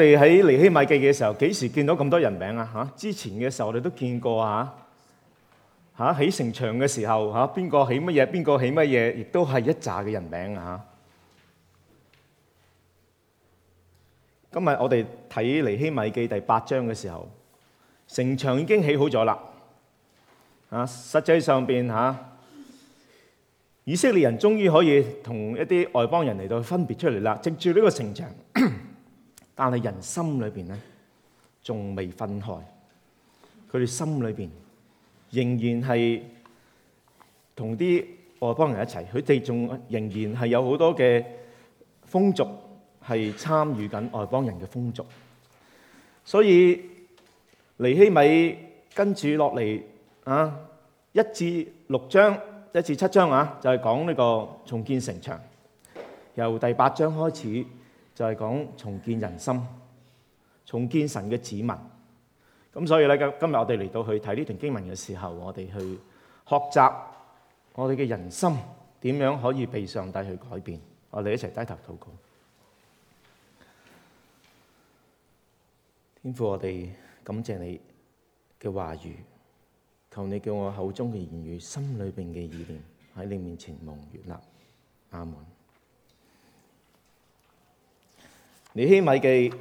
我哋喺《尼希米記》嘅時候，幾時見到咁多人名啊？吓，之前嘅時候我哋都見過啊，吓起城牆嘅時候，吓邊個起乜嘢，邊個起乜嘢，亦都係一紮嘅人名啊。今日我哋睇《尼希米記》第八章嘅時候，城牆已經起好咗啦。啊，實際上邊吓、啊、以色列人終於可以同一啲外邦人嚟到分別出嚟啦，藉住呢個城牆。 但係人心裏邊咧，仲未分開。佢哋心裏邊仍然係同啲外邦人一齊，佢哋仲仍然係有好多嘅風俗係參與緊外邦人嘅風俗，所以尼希米跟住落嚟啊，一至六章、一至七章啊，就係講呢個重建城牆，由第八章開始，就係講重建人心，重建神嘅子民。咁所以咧，今今日我哋嚟到去睇呢段經文嘅時候，我哋去學習我哋嘅人心點樣可以被上帝去改變。我哋一齊低頭禱告，天父我哋感謝你嘅話語，求你叫我口中嘅言語、心裏邊嘅意念喺你面前蒙悅納。阿門。尼希米記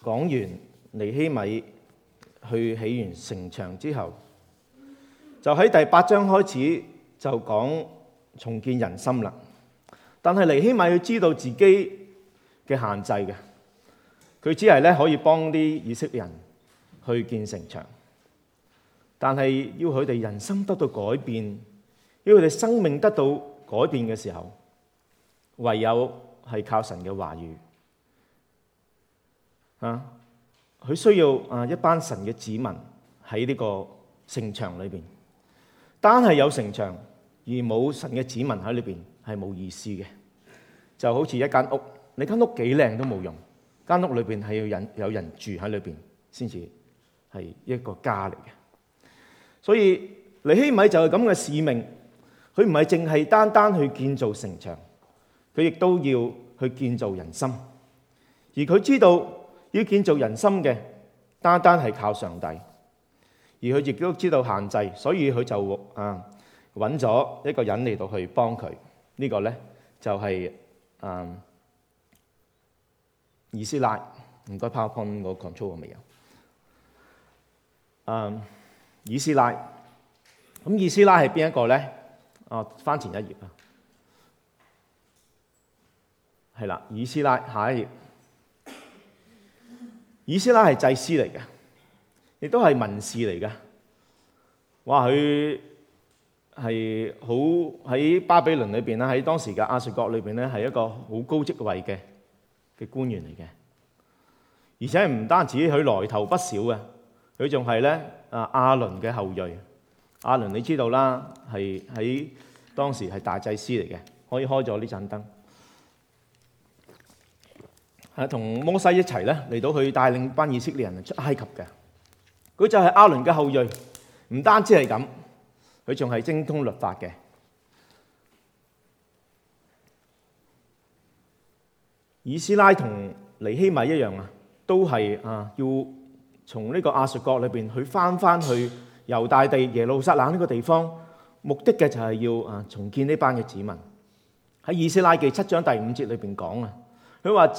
講完，尼希米去起完城牆之後，就喺第八章開始就講重建人心啦。但係尼希米要知道自己嘅限制嘅，佢只係咧可以幫啲以色列人去建城牆，但係要佢哋人生得到改變，要佢哋生命得到改變嘅時候，唯有，係靠神嘅話語啊！佢需要啊一班神嘅子民喺呢個城牆裏邊。單係有城牆而冇神嘅子民喺裏邊係冇意思嘅。就好似一間屋，你間屋幾靚都冇用。間屋裏邊係要人，有人住喺裏邊，先至係一個家嚟嘅。所以尼希米就係咁嘅使命，佢唔係淨係單單去建造城牆。佢亦都要去建造人心，而佢知道要建造人心嘅，單單係靠上帝，而佢亦都知道限制，所以佢就啊揾咗一個人嚟到去幫佢。這個、呢個咧就係、是、啊，以斯拉，唔該，powerpoint control 個擴充我未有。嗯、啊，以斯拉，咁以斯拉係邊一個咧？哦、啊，翻前一頁啊。係啦，以斯拉，下一頁。以斯拉係祭司嚟嘅，亦都係文士嚟嘅。哇，佢係好喺巴比倫裏邊啦，喺當時嘅亞述國裏邊咧，係一個好高職位嘅嘅官員嚟嘅。而且唔單止佢來頭不少，他還是啊，佢仲係咧，啊亞倫嘅後裔。亞倫你知道啦，係喺當時係大祭司嚟嘅，可以開咗呢盞燈。啊，同摩西一齊咧嚟到去帶領班以色列人出埃及嘅，佢就係亞倫嘅後裔。唔單止係咁，佢仲係精通律法嘅。以斯拉同尼希米一樣啊，都係啊要從呢個亞述國裏邊去翻翻去猶大地耶路撒冷呢個地方，目的嘅就係要啊重建呢班嘅子民。喺《以斯拉記》七章第五節裏邊講啊，佢話。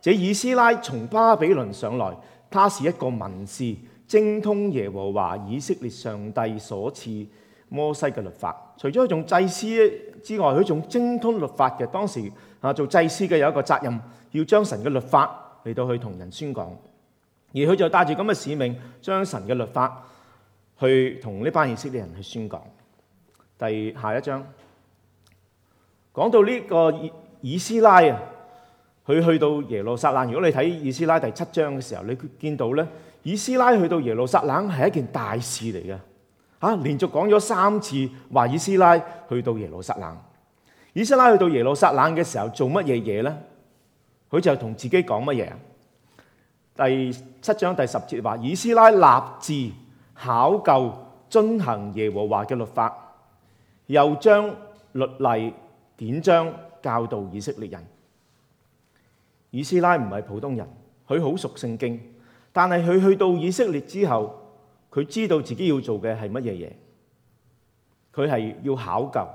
這以斯拉從巴比倫上來，他是一個文士，精通耶和華以色列上帝所賜摩西嘅律法。除咗做祭司之外，佢仲精通律法嘅。當時啊，做祭司嘅有一個責任，要將神嘅律法嚟到去同人宣講。而佢就帶住咁嘅使命，將神嘅律法去同呢班以色列人去宣講。第下一章講到呢個以,以斯拉啊。佢去到耶路撒冷。如果你睇以斯拉第七章嘅時候，你見到咧，以斯拉去到耶路撒冷係一件大事嚟嘅。吓、啊，連續講咗三次話以斯拉去到耶路撒冷。以斯拉去到耶路撒冷嘅時候做乜嘢嘢咧？佢就同自己講乜嘢？第七章第十節話：以斯拉立志考究遵行耶和華嘅律法，又將律例典章教導以色列人。以斯拉唔係普通人，佢好熟聖經，但係佢去到以色列之後，佢知道自己要做嘅係乜嘢嘢。佢係要考究、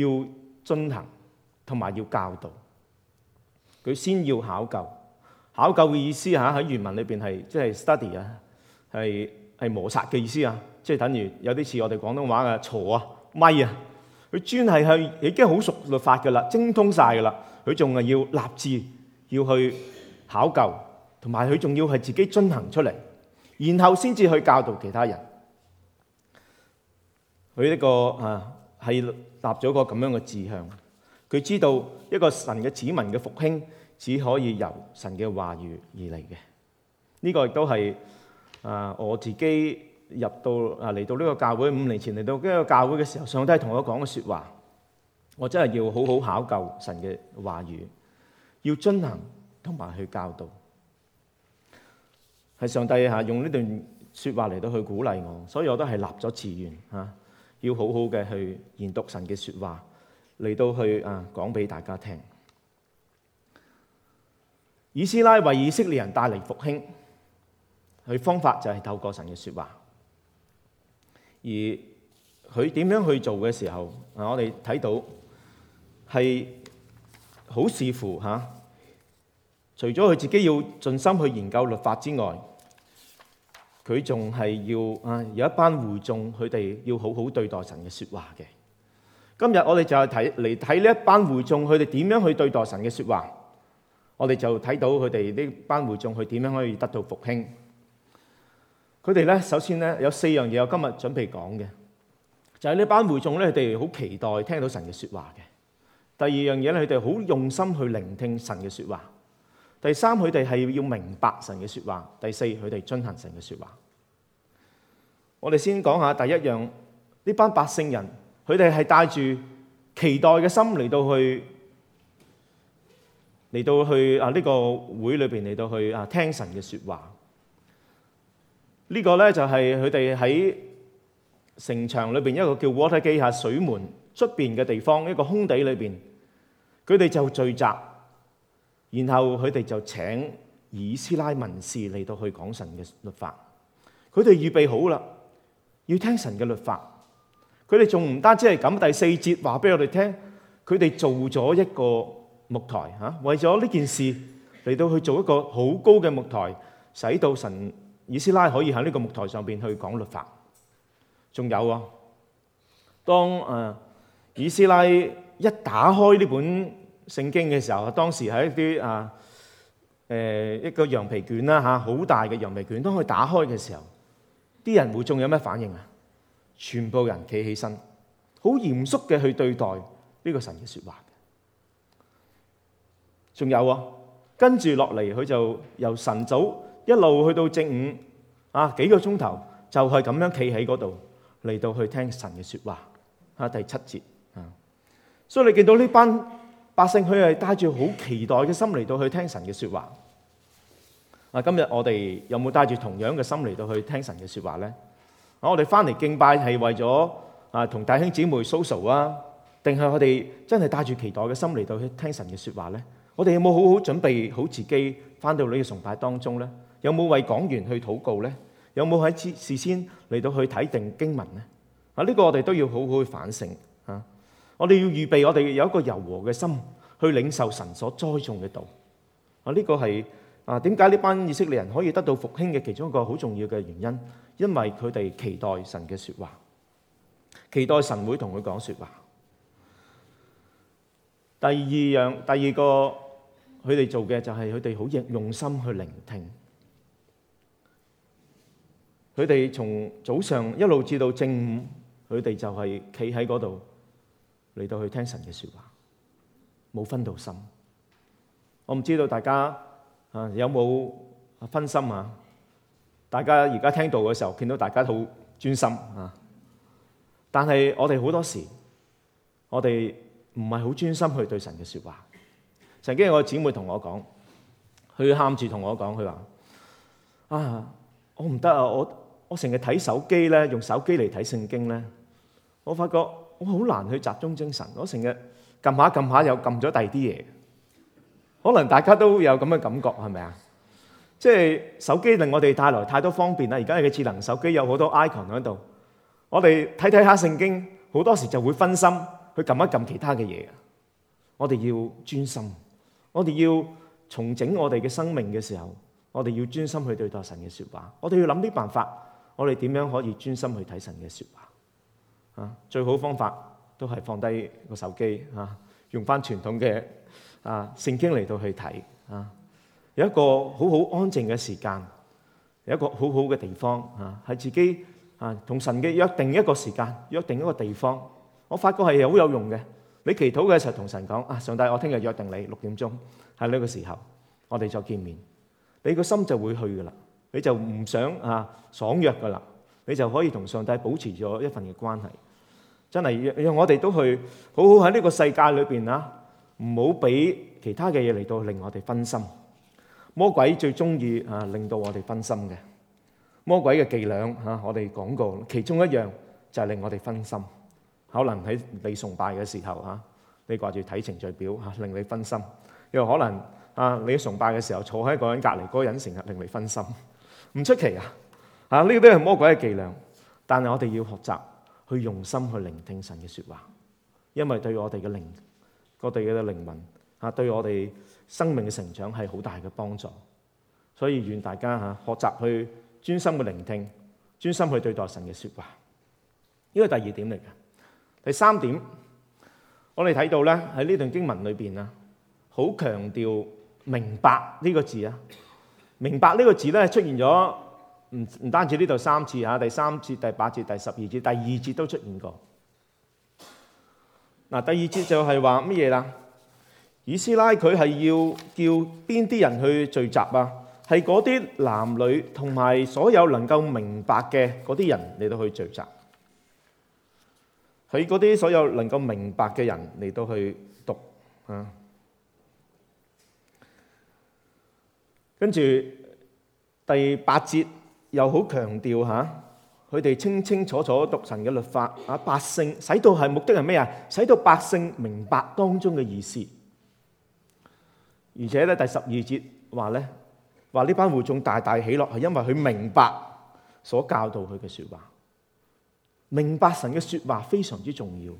要進行同埋要教導。佢先要考究，考究嘅意思嚇喺原文裏邊係即係 study 啊，係係磨擦嘅意思啊，即係等於有啲似我哋廣東話嘅鋤啊、咪啊。佢專係係已經好熟律法嘅啦，精通晒嘅啦，佢仲係要立志要去考究，同埋佢仲要係自己進行出嚟，然後先至去教導其他人。佢呢個啊係立咗個咁樣嘅志向，佢知道一個神嘅子民嘅復興只可以由神嘅話語而嚟嘅。呢個亦都係啊我自己。入到啊，嚟到呢個教會五年前嚟到呢個教會嘅時候，上帝同我講嘅説話，我真係要好好考究神嘅話語，要遵行同埋去教導。係上帝嚇用呢段説話嚟到去鼓勵我，所以我都係立咗志願嚇，要好好嘅去研讀神嘅説話嚟到去啊講俾大家聽。以斯拉為以色列人帶嚟復興，佢方法就係透過神嘅説話。而佢點樣去做嘅時候，看啊，我哋睇到係好視乎嚇。除咗佢自己要盡心去研究律法之外，佢仲係要啊有一班會眾，佢哋要好好對待神嘅説話嘅。今日我哋就係睇嚟睇呢一班會眾，佢哋點樣去對待神嘅説話？我哋就睇到佢哋呢班會眾，佢點樣可以得到復興？佢哋咧，首先咧有四樣嘢我今日準備講嘅，就係呢班會眾咧，佢哋好期待聽到神嘅説話嘅。第二樣嘢咧，佢哋好用心去聆聽神嘅説話。第三，佢哋係要明白神嘅説話。第四，佢哋遵行神嘅説話。我哋先講下第一樣，呢班百姓人，佢哋係帶住期待嘅心嚟到去，嚟到去啊呢個會裏邊嚟到去啊聽神嘅説話。這個、呢個咧就係佢哋喺城牆裏邊一個叫 water gate，嚇水門出邊嘅地方一個空地裏邊，佢哋就聚集，然後佢哋就請以斯拉文士嚟到去講神嘅律法。佢哋預備好啦，要聽神嘅律法。佢哋仲唔單止係咁，第四節話俾我哋聽，佢哋做咗一個木台嚇、啊，為咗呢件事嚟到去做一個好高嘅木台，使到神。以斯拉可以喺呢個木台上邊去講律法。仲有啊，當誒、啊、以斯拉一打開呢本聖經嘅時候，當時係一啲啊誒一個羊皮卷啦吓，好、啊、大嘅羊皮卷，當佢打開嘅時候，啲人會仲有咩反應啊？全部人企起身，好嚴肅嘅去對待呢個神嘅說話。仲有啊，跟住落嚟佢就由晨早。一路去到正午，啊幾個鐘頭就係咁樣企喺嗰度嚟到去聽神嘅說話，吓，第七節，所以你見到呢班百姓佢係帶住好期待嘅心嚟到去聽神嘅說話。嗱，今日我哋有冇帶住同樣嘅心嚟到去聽神嘅說話咧？我哋翻嚟敬拜係為咗啊同弟兄姊妹 social 啊，定係我哋真係帶住期待嘅心嚟到去聽神嘅說話咧？我哋有冇好好準備好自己翻到你嘅崇拜當中咧？有冇為講員去禱告呢？有冇喺事事先嚟到去睇定經文呢？啊，呢個我哋都要好好去反省吓。我哋要預備，我哋有一個柔和嘅心去領受神所栽種嘅道。啊，呢個係啊點解呢班以色列人可以得到復興嘅其中一個好重要嘅原因。因為佢哋期待神嘅説話，期待神會同佢講説話。第二樣，第二個佢哋做嘅就係佢哋好用用心去聆聽。佢哋從早上一路至到正午，佢哋就係企喺嗰度嚟到去聽神嘅説話，冇分到心。我唔知道大家啊有冇分心啊？大家而家聽到嘅時候，見到大家好專心啊，但係我哋好多時，我哋唔係好專心去對神嘅説話。曾經我個姊妹同我講，佢喊住同我講，佢話：啊，我唔得啊，我。我成日睇手機咧，用手機嚟睇聖經咧，我發覺我好難去集中精神。我成日撳下撳下又撳咗第二啲嘢，可能大家都有咁嘅感覺，係咪啊？即係手機令我哋帶來太多方便啦。而家嘅智能手機有好多 icon 喺度，我哋睇睇下聖經，好多時就會分心去撳一撳其他嘅嘢。我哋要專心，我哋要重整我哋嘅生命嘅時候，我哋要專心去對待神嘅說話。我哋要諗啲辦法。我哋點樣可以專心去睇神嘅説話啊？最好方法都係放低個手機啊，用翻傳統嘅啊聖經嚟到去睇啊，有一個好好安靜嘅時間，有一個好好嘅地方啊，係自己啊同神嘅約定一個時間，約定一個地方。我發覺係好有用嘅。你祈禱嘅時候同神講啊，上帝，我聽日約定你六點鐘喺呢個時候，我哋就見面。你個心就會去噶啦。你就唔想啊爽約㗎啦，你就可以同上帝保持咗一份嘅關係。真係，讓我哋都去好好喺呢個世界裏邊啊，唔好俾其他嘅嘢嚟到令我哋分心。魔鬼最中意啊令到我哋分心嘅，魔鬼嘅伎倆嚇，我哋講過，其中一樣就係令我哋分心。可能喺你崇拜嘅時候嚇，你掛住睇程序表嚇，令你分心；又可能啊你崇拜嘅時候坐喺一個人隔離，嗰個人成日令你分心。唔出奇啊！啊，呢個都係魔鬼嘅伎倆，但係我哋要學習去用心去聆聽神嘅說話，因為對我哋嘅靈、我哋嘅靈魂啊，對我哋生命嘅成長係好大嘅幫助。所以願大家吓學習去專心去聆聽，專心去對待神嘅說話。呢個第二點嚟嘅。第三點，我哋睇到咧喺呢段經文裏面啊，好強調明白呢個字啊。明白呢個字咧出現咗，唔唔單止呢度三次啊，第三次、第八節、第十二節、第二節都出現過。嗱，第二節就係話乜嘢啦？以斯拉佢係要叫邊啲人去聚集啊？係嗰啲男女同埋所有能夠明白嘅嗰啲人嚟到去聚集。佢嗰啲所有能夠明白嘅人嚟到去讀啊。跟住第八節又好強調吓，啊，佢哋清清楚楚讀神嘅律法，啊，百姓使到係目的係咩啊？使到百姓明白當中嘅意思。而且咧，第十二節話咧，話呢班會眾大大喜樂，係因為佢明白所教導佢嘅說話，明白神嘅說話非常之重要。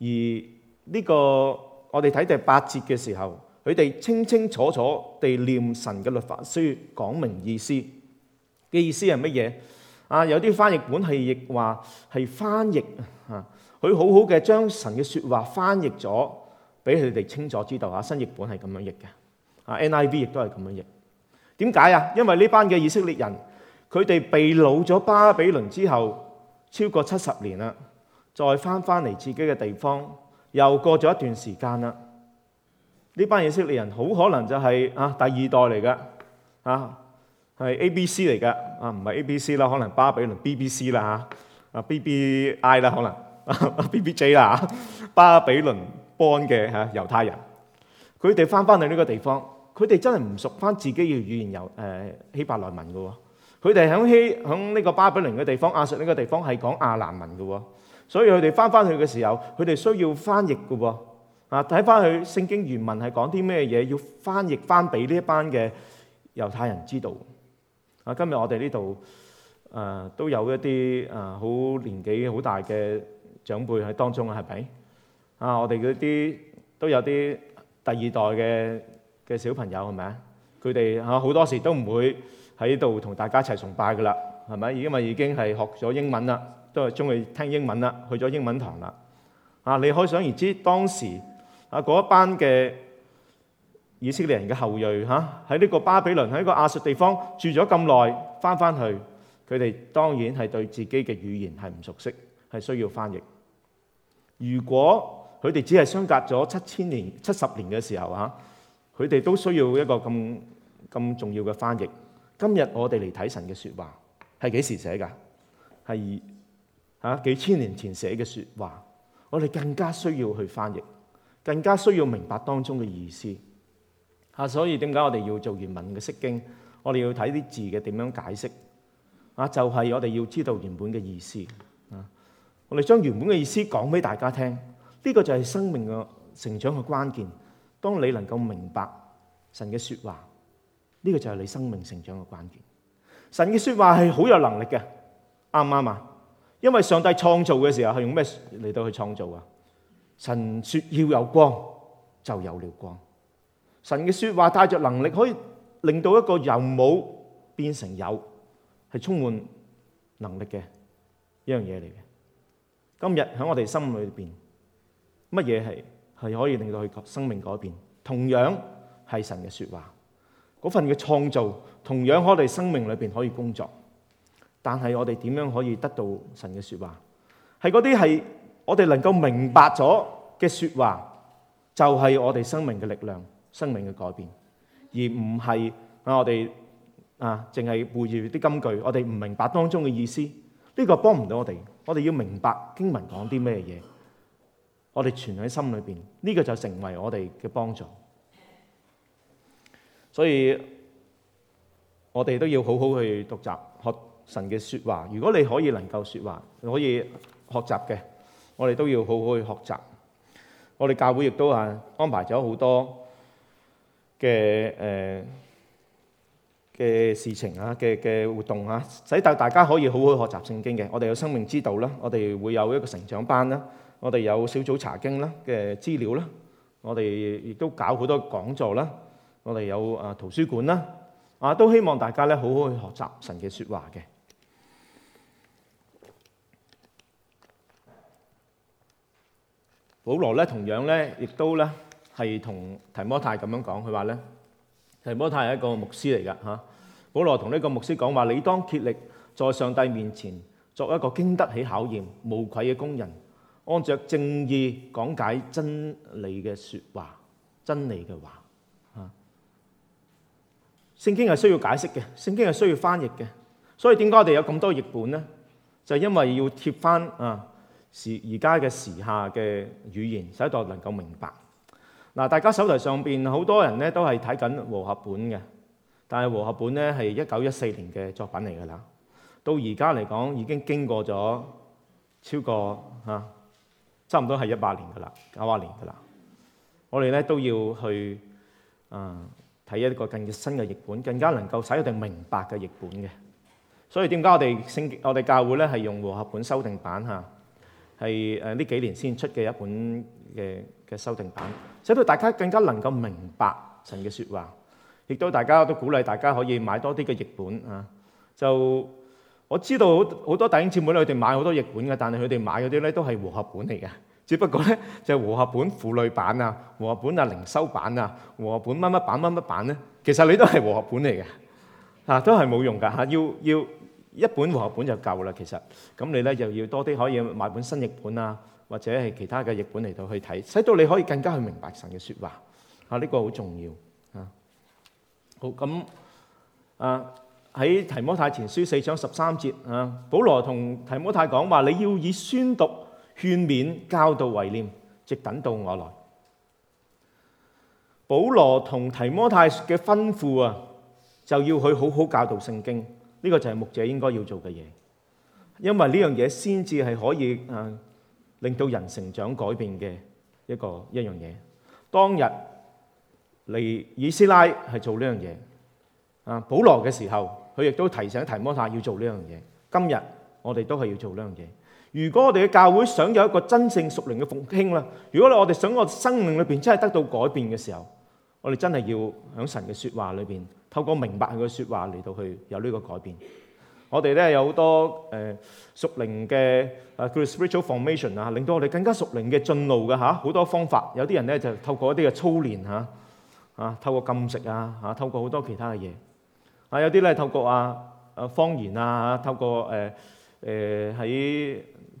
而呢個我哋睇第八節嘅時候。佢哋清清楚楚地念神嘅律法書，講明意思嘅意思係乜嘢？啊，有啲翻譯本係譯話係翻譯啊，佢好好嘅將神嘅說話翻譯咗俾佢哋清楚知道啊。新譯本係咁樣譯嘅啊，NIV 亦都係咁樣譯。點解啊？因為呢班嘅以色列人，佢哋被擄咗巴比倫之後超過七十年啦，再翻翻嚟自己嘅地方，又過咗一段時間啦。呢班以色列人好可能就係啊第二代嚟㗎啊，係 A B C 嚟㗎啊，唔係 A B C 啦，可能巴比倫 B B C 啦嚇，啊 B B I 啦可能 B B J 啦嚇，BBJ，巴比倫邦嘅嚇猶太人，佢哋翻翻去呢個地方，佢哋真係唔熟翻自己嘅語言由誒、呃、希伯來文㗎喎，佢哋喺希喺呢個巴比倫嘅地方亞述呢個地方係講亞蘭文㗎喎，所以佢哋翻翻去嘅時候，佢哋需要翻譯㗎喎。啊！睇翻佢聖經原文係講啲咩嘢，要翻譯翻俾呢一班嘅猶太人知道。啊，今日我哋呢度誒都有一啲誒好年紀好大嘅長輩喺當中啊，係咪？啊，我哋嗰啲都有啲第二代嘅嘅小朋友係咪啊？佢哋啊好多時都唔會喺度同大家一齊崇拜噶啦，係咪？因為已經係學咗英文啦，都係中意聽英文啦，去咗英文堂啦。啊，你可想而知當時。啊！嗰一班嘅以色列人嘅後裔嚇，喺呢個巴比倫喺個亞述地方住咗咁耐，返返去佢哋當然係對自己嘅語言係唔熟悉，係需要翻譯。如果佢哋只係相隔咗七千年、七十年嘅時候嚇，佢哋都需要一個咁咁重要嘅翻譯。今日我哋嚟睇神嘅説話係幾時寫㗎？係嚇幾千年前寫嘅説話，我哋更加需要去翻譯。更加需要明白當中嘅意思啊！所以點解我哋要做原文嘅釋經？我哋要睇啲字嘅點樣解釋啊！就係我哋要知道原本嘅意思啊！我哋將原本嘅意思講俾大家聽，呢個就係生命嘅成長嘅關鍵。當你能夠明白神嘅説話，呢個就係你生命成長嘅關鍵。神嘅説話係好有能力嘅，啱唔啱啊？因為上帝創造嘅時候係用咩嚟到去創造啊？神說要有光，就有了光。神嘅說話帶着能力，可以令到一個由冇變成有，係充滿能力嘅一樣嘢嚟嘅。今日喺我哋心裏邊，乜嘢係係可以令到佢生命改變？同樣係神嘅說話，嗰份嘅創造同樣喺我哋生命裏邊可以工作。但係我哋點樣可以得到神嘅說話？係嗰啲係。我哋能夠明白咗嘅說話，就係、是、我哋生命嘅力量、生命嘅改變，而唔係啊我哋啊淨係背住啲金句，我哋唔明白當中嘅意思，呢、這個幫唔到我哋。我哋要明白經文講啲咩嘢，我哋存喺心裏邊，呢、這個就成為我哋嘅幫助。所以我哋都要好好去讀習學神嘅說話。如果你可以能夠說話，可以學習嘅。我哋都要好好去學習，我哋教會亦都啊安排咗好多嘅誒嘅事情啊嘅嘅活動啊，使得大家可以好好學習聖經嘅。我哋有生命之道啦，我哋會有一個成長班啦，我哋有小組查經啦嘅資料啦，我哋亦都搞好多講座啦，我哋有啊圖書館啦，啊都希望大家咧好好去學習神嘅説話嘅。保羅咧，同樣咧，亦都咧，係同提摩太咁樣講。佢話咧，提摩太係一個牧師嚟噶吓。保羅同呢個牧師講話，你當竭力在上帝面前作一個經得起考驗、無愧嘅工人，按着正義講解真理嘅說話，真理嘅話。吓，聖經係需要解釋嘅，聖經係需要翻譯嘅，所以點解我哋有咁多譯本咧？就因為要貼翻啊。時而家嘅時下嘅語言，使到能夠明白嗱。大家手頭上邊好多人咧都係睇緊和合本嘅，但係和合本咧係一九一四年嘅作品嚟㗎啦。到而家嚟講已經經過咗超過啊，差唔多係一百年㗎啦，九啊年㗎啦。我哋咧都要去啊睇一個更加新嘅譯本，更加能夠使到明白嘅譯本嘅。所以點解我哋聖我哋教會咧係用和合本修訂版嚇？係誒呢幾年先出嘅一本嘅嘅修訂版，使到大家更加能夠明白神嘅説話，亦都大家都鼓勵大家可以買多啲嘅譯本啊！就我知道好好多弟兄姊妹咧，佢哋買好多譯本嘅，但係佢哋買嗰啲咧都係和合本嚟嘅，只不過咧就係和合本婦女版啊、和合本啊、靈修版啊、和合本乜乜版乜乜版咧，其實你都係和合本嚟嘅，啊都係冇用㗎嚇，要要。一本和合本就夠啦，其實咁你咧又要多啲可以買一本新譯本啊，或者係其他嘅譯本嚟到去睇，使到你可以更加去明白神嘅説話啊！呢個好重要啊。好咁啊，喺提摩太前書四章十三節啊，保羅同提摩太講話，你要以宣讀、勸勉、教導為念，直等到我來。保羅同提摩太嘅吩咐啊，就要佢好好教導聖經。呢個就係牧者應該要做嘅嘢，因為呢樣嘢先至係可以啊令到人成長改變嘅一個一樣嘢。當日嚟以斯拉係做呢樣嘢啊，保羅嘅時候佢亦都提醒提摩太要做呢樣嘢。今日我哋都係要做呢樣嘢。如果我哋嘅教會想有一個真正屬靈嘅復興啦，如果我哋想我們生命裏邊真係得到改變嘅時候，我哋真係要喺神嘅説話裏邊。透過明白佢嘅説話嚟到去有呢個改變我們呢，我哋咧有好多誒、呃、屬靈嘅啊，叫 spiritual formation 啊，令到我哋更加屬靈嘅進路嘅嚇，好多方法。有啲人咧就透過一啲嘅操練嚇，啊，透過禁食啊，嚇，透過好多其他嘅嘢啊，有啲咧透過啊方啊方言啊透過誒誒喺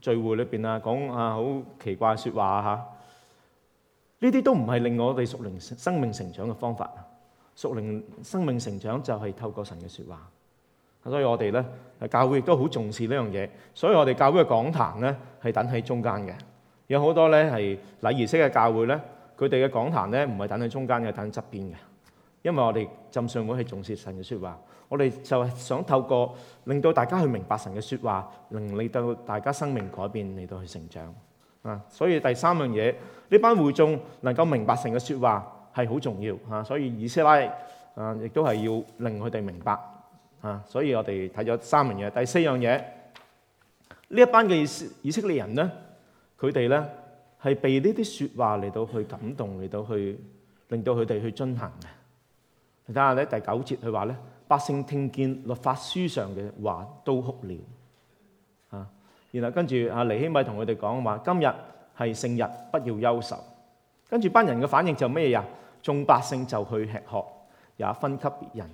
聚會裏邊啊講啊好奇怪嘅説話嚇，呢、啊、啲都唔係令我哋屬靈生命成長嘅方法。屬靈生命成長就係透過神嘅説話，所以我哋咧，教會亦都好重視呢樣嘢。所以我哋教會嘅講壇咧，係等喺中間嘅。有好多咧係禮儀式嘅教會咧，佢哋嘅講壇咧唔係等喺中間嘅，等喺側邊嘅。因為我哋浸信會係重視神嘅説話，我哋就係想透過令到大家去明白神嘅説話，令到大家生命改變，嚟到去成長。啊，所以第三樣嘢，呢班會眾能夠明白神嘅説話。係好重要嚇，所以以色列啊，亦都係要令佢哋明白嚇。所以我哋睇咗三樣嘢，第四樣嘢，呢一班嘅以色列人咧，佢哋咧係被呢啲説話嚟到去感動，嚟到去令到佢哋去進行嘅。睇下咧，第九節佢話咧，百姓聽見律法書上嘅話都哭了嚇，然後跟住啊，尼希米同佢哋講話，今日係聖日，不要憂愁。跟住班人嘅反應就咩呀？啊？眾百姓就去吃喝，也分給別人，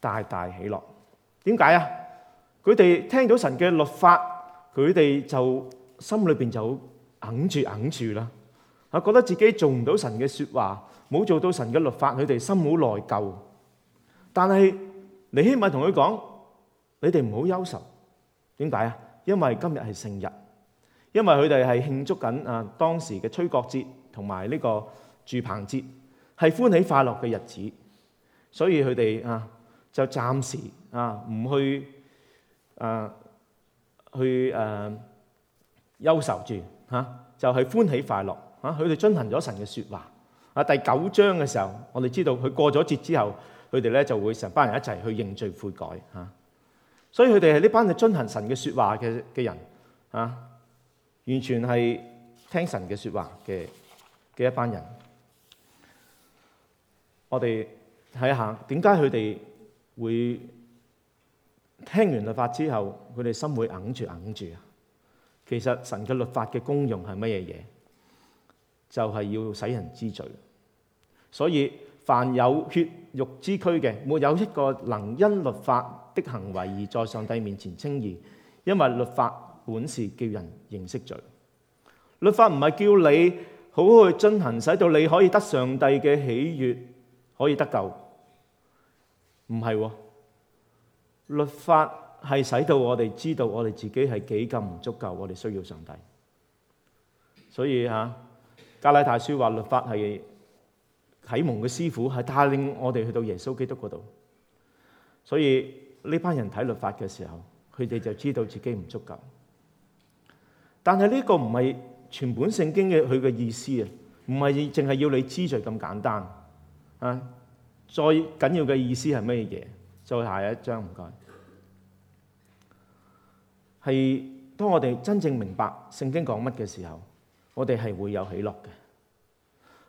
大大喜樂。點解啊？佢哋聽到神嘅律法，佢哋就心裏面就哽住哽住啦。啊，覺得自己做唔到神嘅說話，冇做到神嘅律法，佢哋心好內疚。但係尼希米同佢講，你哋唔好憂愁。點解啊？因為今日係聖日，因為佢哋係慶祝緊啊當時嘅吹角節。同埋呢個住棚節係歡喜快樂嘅日子，所以佢哋啊就暫時啊唔去啊、呃、去誒、呃、憂愁住嚇、啊，就係、是、歡喜快樂嚇。佢、啊、哋遵行咗神嘅説話啊。第九章嘅時候，我哋知道佢過咗節之後，佢哋咧就會成班人一齊去認罪悔改嚇、啊。所以佢哋係呢班係遵行神嘅説話嘅嘅人嚇、啊，完全係聽神嘅説話嘅。嘅一班人，我哋睇下點解佢哋會聽完律法之後，佢哋心會揞住揞住啊？其實神嘅律法嘅功用係乜嘢嘢？就係是要使人知罪。所以凡有血肉之軀嘅，沒有一個能因律法的行為而在上帝面前稱義，因為律法本是叫人認識罪。律法唔係叫你。好好去遵行，使到你可以得上帝嘅喜悅，可以得救。唔係，律法係使到我哋知道我哋自己係幾咁唔足夠，我哋需要上帝。所以吓加拉太書話律法係啟蒙嘅師傅，係帶領我哋去到耶穌基督嗰度。所以呢班人睇律法嘅時候，佢哋就知道自己唔足夠。但係呢個唔係。全本聖經嘅佢嘅意思啊，唔係淨係要你知罪咁簡單啊！最緊要嘅意思係乜嘢？再下一章唔該，係當我哋真正明白聖經講乜嘅時候，我哋係會有喜樂嘅。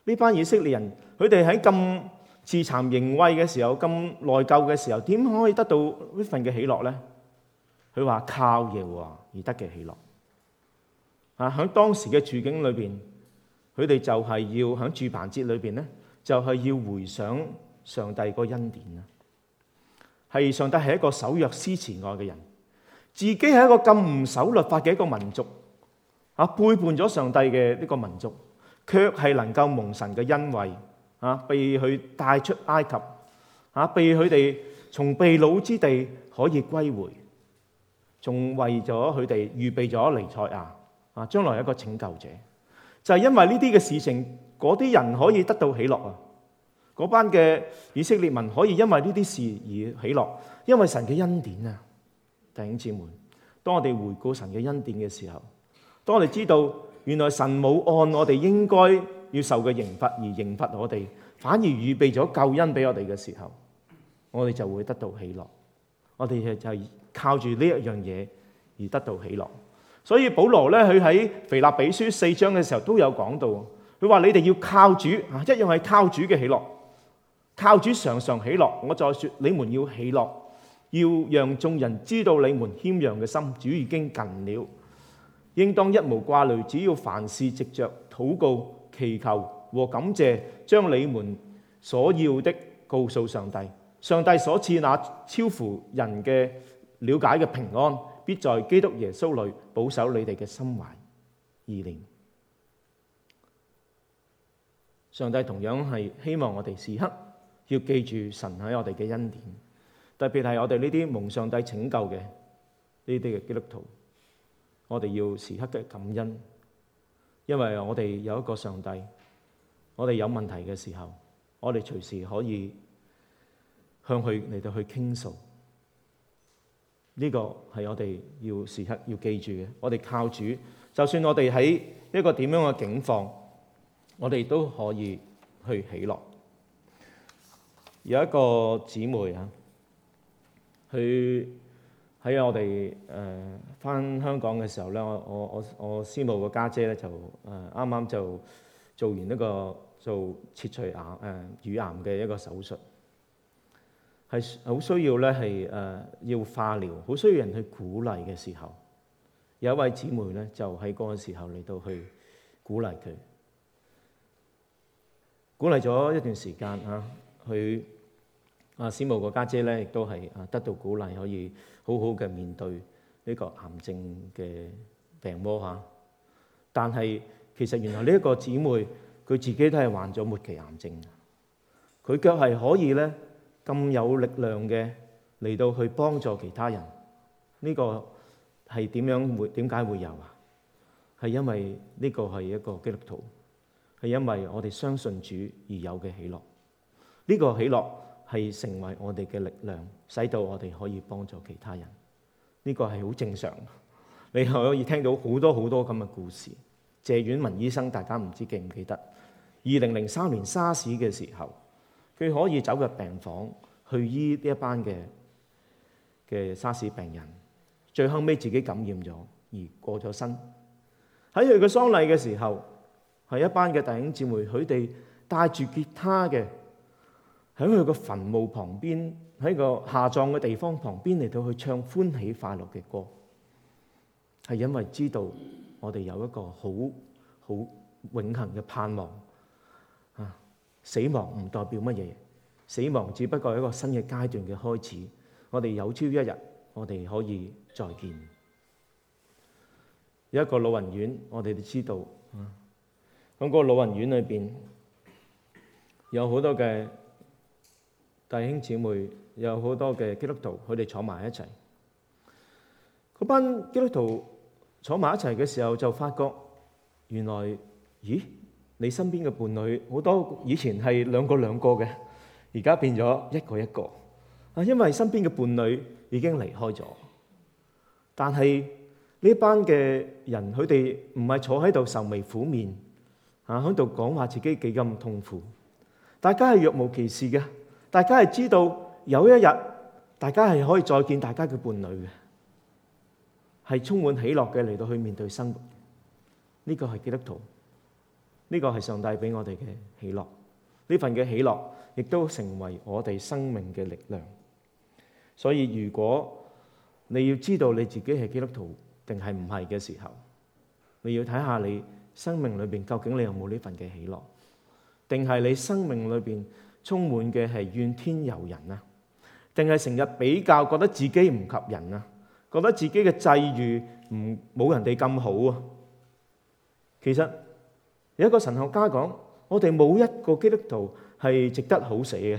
呢班以色列人，佢哋喺咁自慚形穢嘅時候，咁內疚嘅時候，點可以得到呢份嘅喜樂咧？佢話靠耶和華而得嘅喜樂。啊！喺當時嘅處境裏邊，佢哋就係要喺住棚節裏邊咧，就係、是、要回想上帝個恩典啊。係上帝係一個守約施慈愛嘅人，自己係一個咁唔守律法嘅一個民族啊，背叛咗上帝嘅呢個民族，卻係能夠蒙神嘅恩惠啊，被佢帶出埃及啊，被佢哋從被擄之地可以歸回，仲為咗佢哋預備咗尼賽亞。將來有一個拯救者，就係因為呢啲嘅事情，嗰啲人可以得到喜樂啊！嗰班嘅以色列民可以因為呢啲事而喜樂，因為神嘅恩典啊！弟兄姊妹，當我哋回顧神嘅恩典嘅時候，當我哋知道原來神冇按我哋應該要受嘅刑罰而刑罰我哋，反而預備咗救恩俾我哋嘅時候，我哋就會得到喜樂。我哋就係靠住呢一樣嘢而得到喜樂。所以保羅咧，佢喺腓立比書四章嘅時候都有講到，佢話：你哋要靠主，啊一樣係靠主嘅喜樂，靠主常常喜樂。我再説，你們要喜樂，要讓眾人知道你們謙讓嘅心，主已經近了，應當一無掛慮，只要凡事藉著禱告、祈求和感謝，將你們所要的告訴上帝，上帝所賜那超乎人嘅了解嘅平安。必在基督耶穌裏保守你哋嘅心懷意念。上帝同樣係希望我哋時刻要記住神喺我哋嘅恩典，特別係我哋呢啲蒙上帝拯救嘅呢啲嘅基督徒，我哋要時刻嘅感恩，因為我哋有一個上帝，我哋有問題嘅時候，我哋隨時可以向佢嚟到去傾訴。呢、這個係我哋要時刻要記住嘅，我哋靠主，就算我哋喺一個點樣嘅境況，我哋都可以去喜樂。有一個姊妹啊，佢喺我哋誒返香港嘅時候咧，我我我我師母個家姐咧就誒啱啱就做完呢個做切除癌誒、呃、乳癌嘅一個手術。係好需要咧，係、呃、誒要化療，好需要人去鼓勵嘅時候，有一位姊妹咧，就喺嗰個時候嚟到去鼓勵佢，鼓勵咗一段時間嚇，佢、啊、阿司慕個家姐咧，亦都係啊得到鼓勵，可以好好嘅面對呢個癌症嘅病魔嚇、啊。但係其實原來呢一個姊妹，佢自己都係患咗末期癌症，佢卻係可以咧。咁有力量嘅嚟到去幫助其他人，呢個係點樣會？點解會有啊？係因為呢個係一個基督徒，係因為我哋相信主而有嘅喜樂，呢、這個喜樂係成為我哋嘅力量，使到我哋可以幫助其他人。呢、這個係好正常。你可以聽到好多好多咁嘅故事。謝婉文醫生，大家唔知記唔記得？二零零三年沙士嘅時候。佢可以走入病房去醫呢一班嘅嘅沙士病人，最後尾自己感染咗而過咗身。喺佢個喪禮嘅時候，係一班嘅弟兄姊妹，佢哋帶住吉他嘅，喺佢個墳墓旁邊，喺個下葬嘅地方旁邊嚟到去唱歡喜快樂嘅歌，係因為知道我哋有一個好好永恆嘅盼望。死亡唔代表乜嘢，死亡只不過係一個新嘅階段嘅開始。我哋有朝一日，我哋可以再見。有一個老人院，我哋都知道，咁嗰個老人院裏邊有好多嘅弟兄姊妹，有好多嘅基督徒，佢哋坐埋一齊。嗰班基督徒坐埋一齊嘅時候，就發覺原來，咦？你身邊嘅伴侶好多以前係兩個兩個嘅，而家變咗一個一個啊！因為身邊嘅伴侶已經離開咗，但係呢班嘅人佢哋唔係坐喺度愁眉苦面啊，喺度講話自己幾咁痛苦。大家係若無其事嘅，大家係知道有一日大家係可以再見大家嘅伴侶嘅，係充滿喜樂嘅嚟到去面對生活。呢個係基督徒。呢個係上帝俾我哋嘅喜樂，呢份嘅喜樂亦都成為我哋生命嘅力量。所以，如果你要知道你自己係基督徒定係唔係嘅時候，你要睇下你生命裏邊究竟你有冇呢份嘅喜樂，定係你生命裏邊充滿嘅係怨天尤人啊？定係成日比較覺得自己不，覺得自己唔及人啊？覺得自己嘅際遇唔冇人哋咁好啊？其實。有一個神學家講：我哋冇一個基督徒係值得好死嘅，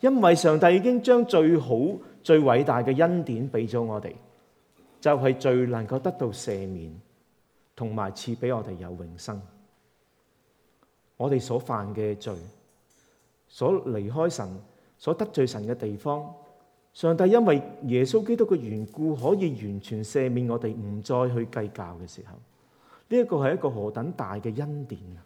因為上帝已經將最好、最偉大嘅恩典俾咗我哋，就係、是、最能夠得到赦免，同埋賜俾我哋有永生。我哋所犯嘅罪，所離開神、所得罪神嘅地方，上帝因為耶穌基督嘅緣故，可以完全赦免我哋，唔再去計較嘅時候。呢一個係一個何等大嘅恩典啊！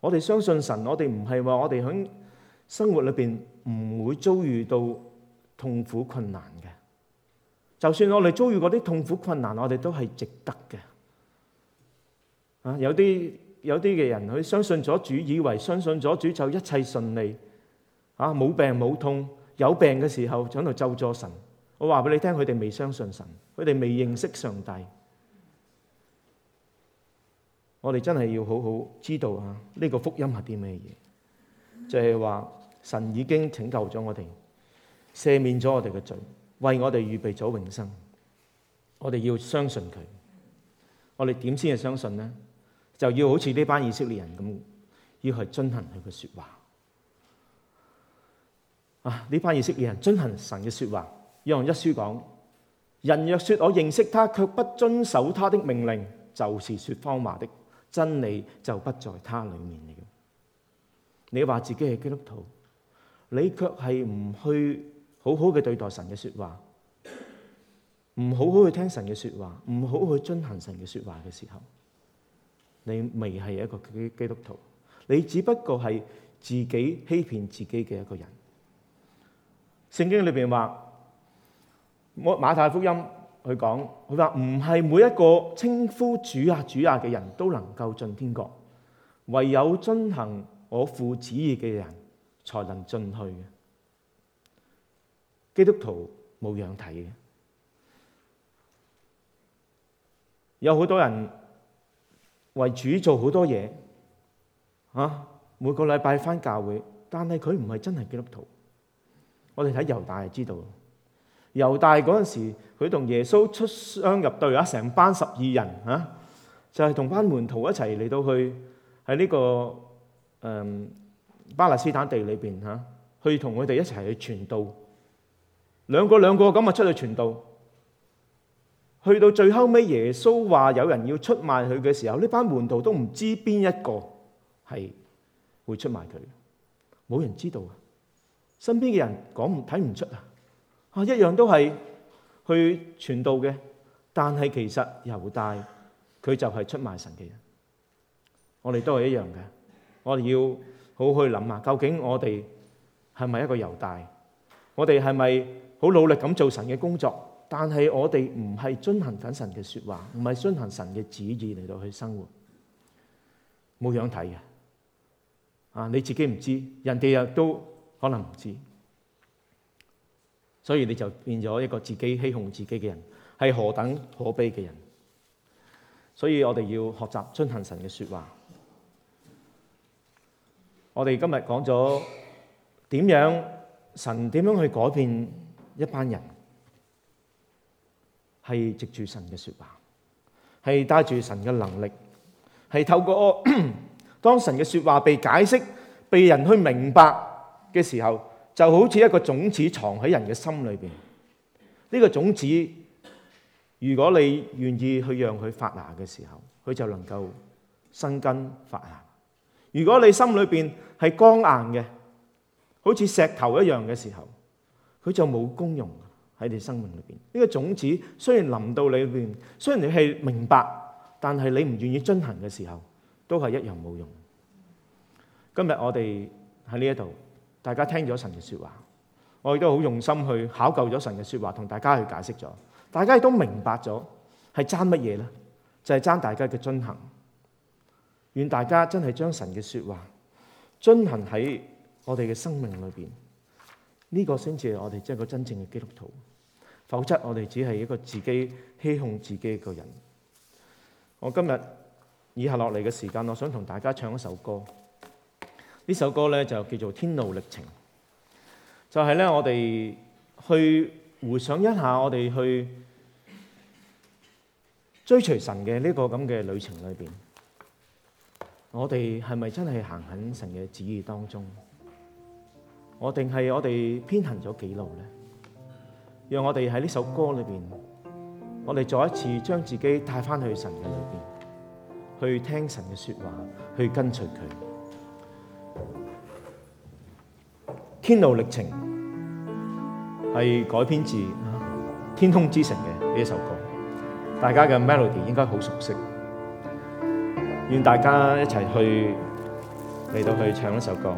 我哋相信神，我哋唔係話我哋喺生活裏邊唔會遭遇到痛苦困難嘅。就算我哋遭遇嗰啲痛苦困難，我哋都係值得嘅。啊，有啲有啲嘅人佢相信咗主，以為相信咗主就一切順利啊！冇病冇痛，有病嘅時候就喺度咒咗神。我話俾你聽，佢哋未相信神，佢哋未認識上帝。我哋真係要好好知道啊！呢個福音係啲咩嘢？就係話神已經拯救咗我哋，赦免咗我哋嘅罪，為我哋預備咗永生。我哋要相信佢。我哋點先係相信呢？就要好似呢班以色列人咁，要去遵行佢嘅說話。啊！呢班以色列人遵行神嘅說話。約翰一書講：人若說我認識他，却不遵守他的命令，就是說謊話的。真理就不在他裏面了。你話自己係基督徒，你却係唔去好好嘅對待神嘅說話，唔好好去聽神嘅說話，唔好好去遵行神嘅說話嘅時候，你未係一個基督徒，你只不過係自己欺騙自己嘅一個人。聖經裏邊話。馬太福音佢講：佢話唔係每一個稱呼主啊主啊嘅人都能夠進天國，唯有遵行我父旨意嘅人才能進去嘅。基督徒冇樣睇嘅，有好多人為主做好多嘢啊！每個禮拜返教會，但係佢唔係真係基督徒。我哋睇猶大就知道。猶大嗰陣時，佢同耶穌出雙入對啊，成班十二人啊，就係同班門徒一齊嚟到去喺呢、這個誒、嗯、巴勒斯坦地裏邊吓，他他們，一起去同佢哋一齊去傳道。兩個兩個咁啊，出去傳道。去到最後尾，耶穌話有人要出賣佢嘅時候，呢班門徒都唔知邊一個係會出賣佢，冇人知道啊。身邊嘅人講唔睇唔出啊。啊，一樣都係去傳道嘅，但係其實猶大佢就係出賣神嘅人。我哋都係一樣嘅，我哋要好好去諗下，究竟我哋係咪一個猶大？我哋係咪好努力咁做神嘅工作？但係我哋唔係遵行緊神嘅說話，唔係遵行神嘅旨意嚟到去生活，冇樣睇嘅。啊，你自己唔知，人哋又都可能唔知。所以你就變咗一個自己欺哄自己嘅人，係何等可悲嘅人！所以我哋要學習遵行神嘅說話。我哋今日講咗點樣神點樣去改變一班人，係藉住神嘅說話，係帶住神嘅能力，係透過當神嘅說話被解釋、被人去明白嘅時候。就好似一個種子藏喺人嘅心裏邊，呢個種子，如果你願意去讓佢發芽嘅時候，佢就能夠生根發芽；如果你心裏邊係光硬嘅，好似石頭一樣嘅時候，佢就冇功用喺你生命裏邊。呢個種子雖然臨到你裏邊，雖然你係明白，但係你唔願意遵行嘅時候，都係一樣冇用。今日我哋喺呢一度。大家聽咗神嘅説話，我亦都好用心去考究咗神嘅説話，同大家去解釋咗，大家亦都明白咗，係爭乜嘢咧？就係爭大家嘅遵行。願大家真係將神嘅説話遵行喺我哋嘅生命裏邊，呢個先至係我哋即係個真正嘅基督徒，否則我哋只係一個自己欺哄自己嘅人。我今日以下落嚟嘅時間，我想同大家唱一首歌。呢首歌咧就叫做《天路歷程》，就係咧我哋去回想一下，我哋去追隨神嘅呢個咁嘅旅程裏邊，我哋係咪真係行喺神嘅旨意當中？我定係我哋偏行咗幾路咧？讓我哋喺呢首歌裏邊，我哋再一次將自己帶翻去神嘅裏邊，去聽神嘅説話，去跟隨佢。天路歷程係改編自《天空之城》嘅呢一首歌，大家嘅 melody 應該好熟悉，願大家一齊去嚟到去唱一首歌。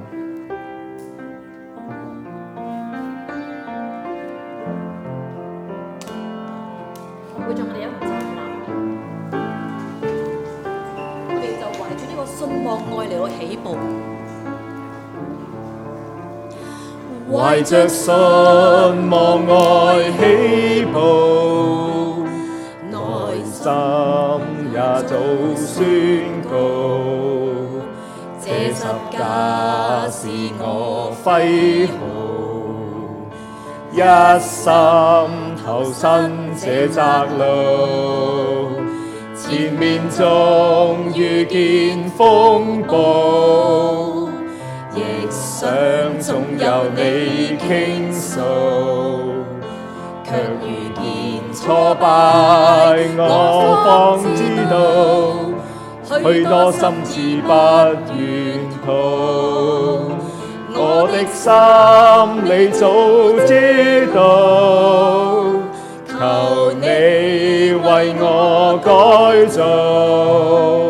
懷著信望愛起步，內心也早宣告，這十架是我徽號，一心投身這窄路，前面終於見風暴。總有你傾訴，卻遇見挫敗，我方知道許多心事不願吐。我的心你早知道，求你為我改造。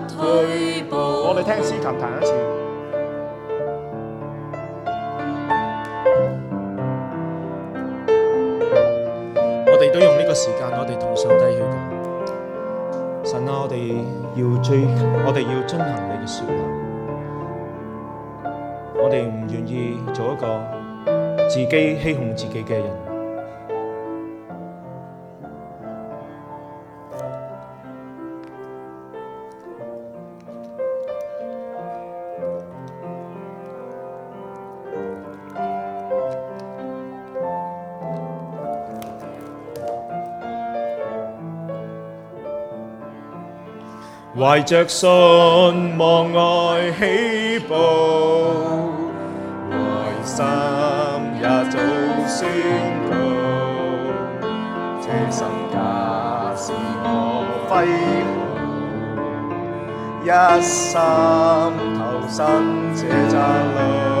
我哋聽詩琴彈一次。我哋都用呢個時間，我哋同上帝去講。神啊，我哋要追，我哋要遵行你嘅說話。我哋唔願意做一個自己欺哄自己嘅人。懷着信望愛起步，懷心也做宣告，這身價是我揮毫，一心投身這窄路。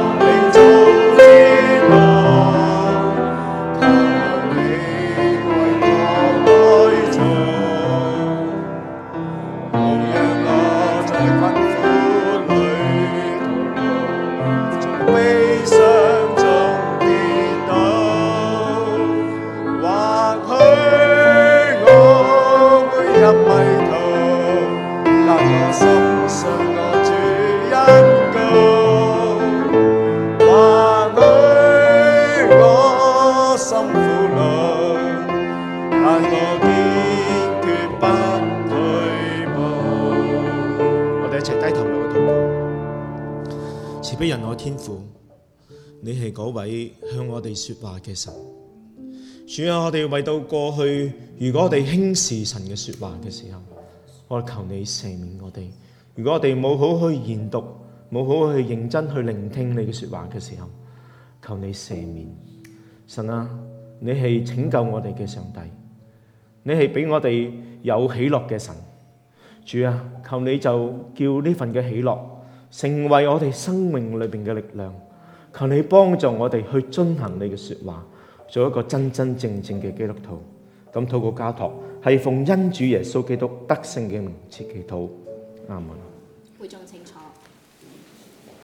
說話嘅神，主啊，我哋為到過去，如果我哋輕視神嘅說話嘅時候，我求你赦免我哋。如果我哋冇好去研讀，冇好去認真去聆聽你嘅說話嘅時候，求你赦免。神啊，你係拯救我哋嘅上帝，你係俾我哋有喜樂嘅神。主啊，求你就叫呢份嘅喜樂成為我哋生命裏邊嘅力量。求你幫助我哋去遵行你嘅說話，做一個真真正正嘅基督徒。咁透過家託，係奉恩主耶穌基督得勝嘅名切祈禱，阿門。